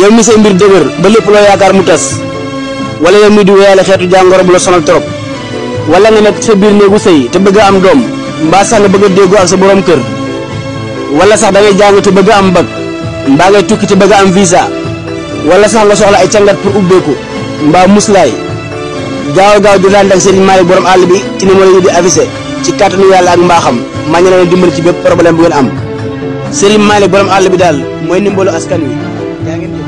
yow mi sey mbir deuguer ba lepp lo yaakar mu tass wala yow mi di wéyale xeetu jangoro bu la sonal torop wala nga nek sa bir neegu sey te bëgg am dom mba sax nga bëgg ak sa borom kër wala sax da ngay jàng te bëgg am mba ngay tukki te bëgg am visa wala sax nga soxla ay cangat pour ubbeeku mba muslay gaaw gaaw jotaan ak sëriñ Malick borom all bi ci ni mo la di avisé ci katanu yalla ak mbaxam ma ñu lay dimbal ci bëpp problème bu ngeen am sëriñ Malick borom àll bi daal askan wi ngeen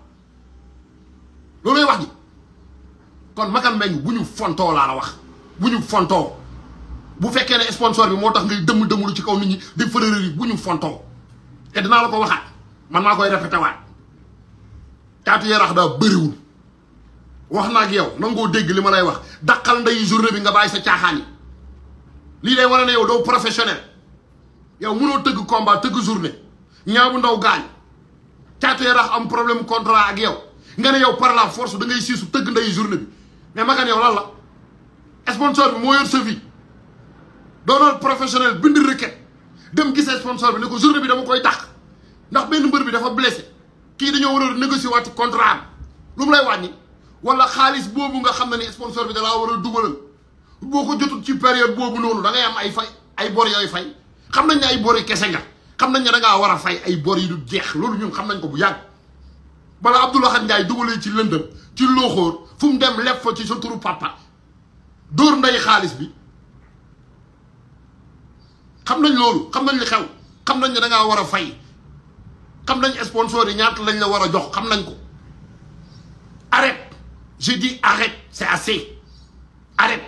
loolooy wax ji kon makal meññ bu ñu fontoo laa la wax bu ñu fontoo bu fekkee ne sponsor bi moo tax ngay dëmm dëmmulu ci kaw nit ñi di fërërër yi bu ñu fontoo te dinaa la ko waxaat man naa koy répété waat taatu yaraax daa bëriwul wax naa ak yow nangoo dégg li ma lay wax daqal nday journée bi nga bàyyi sa caaxaan yi lii lay wane ne yow doo professionnel yow mënoo tëgg combat tëgg journée ñaabu ndaw gaañ caatu yaraax am problème contrat ak yow nga ne yow par la force da ngay siisu teug ndey journée bi mais magan yow lan la sponsor bi mo yor sa vie doonoon professionnel bind requête dem gisee sponsor bi ne ko journée bi dama koy dàq ndax benn mbeur bi dafa blessé ki dañoo wara négocier waat contrat lu lay wàññi wala xaalis bobu nga xam ni sponsor bi da la wara dugalal boko ko ci période bobu noonu da ngay am ay fay ay bor yoy fay xam nañ ay bor kessé kese nga xam nañ da nga wara fay ay bor yi du jeex lolu ñun xam nañ ko bu yàgg. bala Abdou Lahad Ndiaye dugalee ci lëndëm ci looxóor fu mu dem leb fa ci sa turu papa dóor nday xaalis bi xam nañ loolu xam nañ li xew xam nañ ne dangaa war a fay xam nañ sponsor yi ñaata lañ la war a jox xam nañ ko arrête je dis arrête c'est assez arrête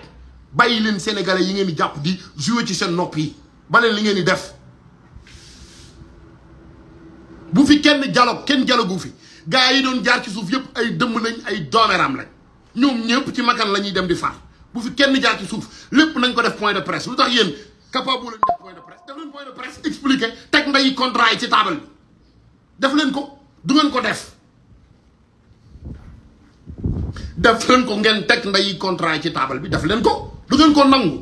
bàyyi leen sénégalais yi ngeen di jàpp di jouer ci seen nopp yi baleen li ngeen di def bu fi kenn dialogue kenn dialogue gu fi gaa yi doon jaar ci suuf yëpp ay dëmm nañ ay lañ ñoom ci makan la dem di far bu fi kenn jaar ci suuf nañ point de presse Vous tax yéen capable def point de presse def leen point de presse expliquer teg contrat ci table def leen ko du ngeen ko def def leen ko ngeen teg contrat ci table bi def leen ko du ngeen ko nangu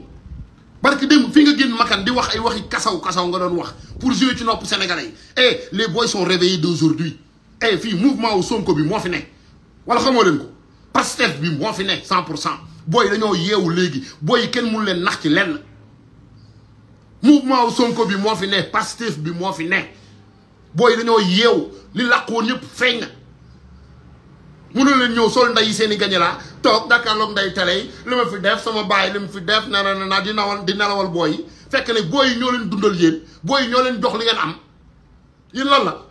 parce que fi nga génn makan di wax ay waxi kasaw kasaw nga doon wax pour jouer ci nopp sénégalais et eh, les boys sont réveillés d'aujourd'hui eh fi, mouvement au Sonko bi mo fi ne wala xamoo ko Pastef bi mo fi ne cent pour cent booy dañoo yeewu leen nax ci mouvement au Sonko bi mo fi ne Pastef bi mo fi ne boy dañoo yeewu li fin. ñep feeñ na mënu leen ñew sol nday seeni seen i nday télé luma fi def sama bay lim fi def na na na di nawal di nelawal boy ne leen dundal li am lan la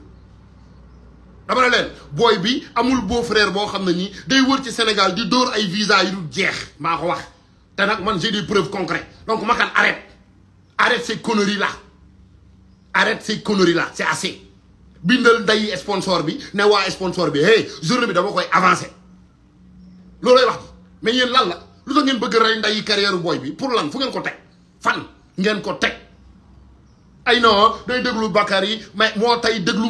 dama ne bi amul beau frère bo xam ni day wër ci Sénégal di dóor ay visa yu dul jeex wax té nak man j'ai des preuves concrètes donc Makan arrête arrête ces conneries là arrête ces conneries là c'est assez bindal day sponsor bi ne wa sponsor bi hey journée bi dama koy avancer loolay wax mais yéen lan la lu tax ngeen bëgg ray nday carrière boy bi pour lan fu ngeen ko teg fan ngeen ko teg ay non day déglu Bakary mais mo tay déglu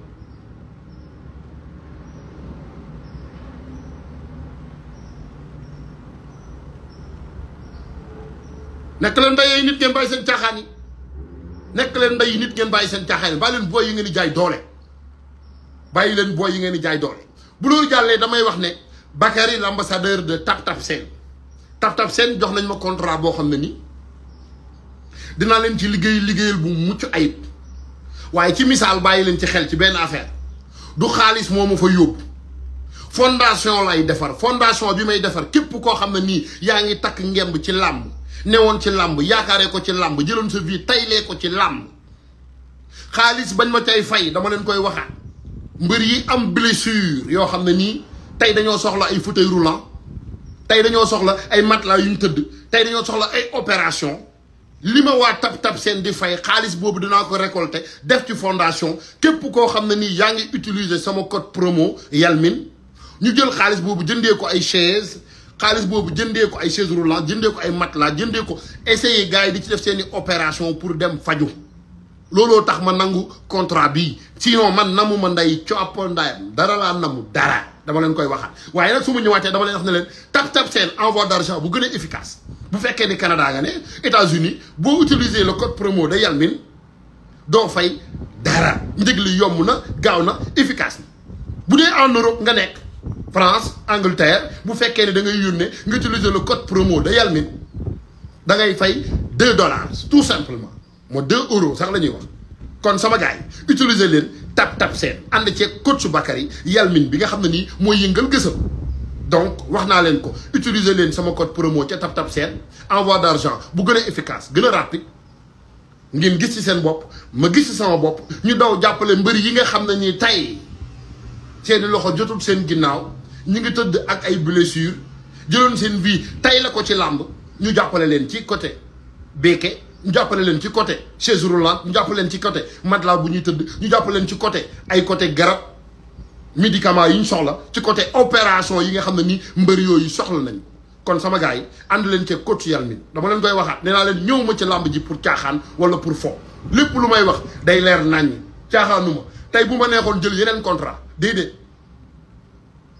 nek leen ndey nit ngeen bàyyi seen caaxaan nek nekk leen ndey nit ngeen bàyyi seen caaxaan ba bàyyi leen booy yi ngeen jaay doole leen boy yi ngeen jaay doole bu lo jalle damay wax ne bakari l'ambassadeur de Tap Tap sen, Tap Tap sen jox nañ ma contrat bo xamne ni dina leen ci liggey liggéeyal bu muccu ayib waye ci misal bàyyi leen ci xel ci ben affaire du khalis momu fa yob fondation lay defar fondation bi may defar kep ko xamne ni yaangi tak ngemb ci lamb newoon ci lamb yaakaré ko ci lamb jëlon sa vie taylé ko ci lamb xaalis bañ ma tay fay dama len koy waxa mbeur yi am blessure yo xamné ni tay dañoo soxla ay fauteuil roulant tay dañoo soxla ay matelas yu ñu tëdd tey dañoo soxla ay opération lima wa tap tap tab seen di fay xaalis bobu dina ko récolter def ci fondation kep ko xamné ni nii utiliser sama code promo yalmin ñu jël xaalis bobu jëndee ko ay chaise xaalis bobu jëndee ko ay chaise roulante jëndee ko ay matelas jëndee ko essayer gars di ci def seeni opération pour dem faju Lolo tax ma nangou contrat bii sinon man namu ma nday coppa ndayam dara la namu dara dama len koy waxaat waye nag su ma dama len wax ne leen tap tap seen envoi d'argent bu gën efficace bu féké ni Canada nga né États-Unis boo utiliser le code promo de Yalmin doo fay dara njëg li yomb na gaaw na efficace na bu dee en Europe nga nekk France Angleterre vous faites quelque da ngay le code promo de Yalmin vous ngay fay dollars tout simplement Moi 2 euros sax la ñuy kon sama utilisez-le. tap tap sen, a le code Bakary Yalmin bi nga vous yëngal donc wax code promo tap tap sen. envoi d'argent bu efficace rapide ngeen vous ci le rapide. ma sama ñu daw ñi ngi ak ay blessure jëlone seen vie tay la ko ci lamb ñu avons len ci côté béké ñu jàppale Nous ci côté chaise roulante ñu des len ci côté matelas bu ñuy teud ñu côté ay côté médicaments yi ñu soxla ci côté opération yi nga ni soxla nañ kon sama Nous avons len ci avons Yalmin dama Nous koy waxat Nous avons ci ji pour tiaxan wala pour fo Nous lu may wax day leer jël contrat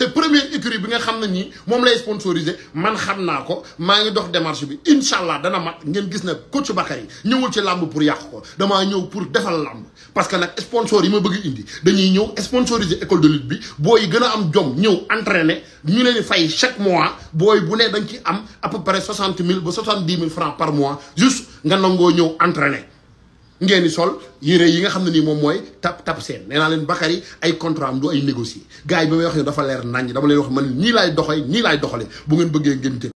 Le premier écurie que vous savez, c'est lui qui sponsorisé. Je le sais, je vais faire des marches. Inch'Allah, vous allez voir le coach Bakary. Je suis venu pour le faire. Je suis venu pour le faire. Parce que les sponsors, je veux dire, ils sont venus sponsoriser l'école de lutte. des gens qui ont un job, entraîner, ils les font chaque mois. des gens qui ont à peu près 60 000 ou 70 000 francs par mois, juste pour entraînés. ngeen di sol yére yi nga xam ne nii moom mooy tap tap seen nee naa leen Bakary ay contrat am du ay négocier gars yi ba may wax ne dafa leer naññ dama leen wax man ñii laay doxee ñii laay doxalee bu ngeen bëggee ngeen jël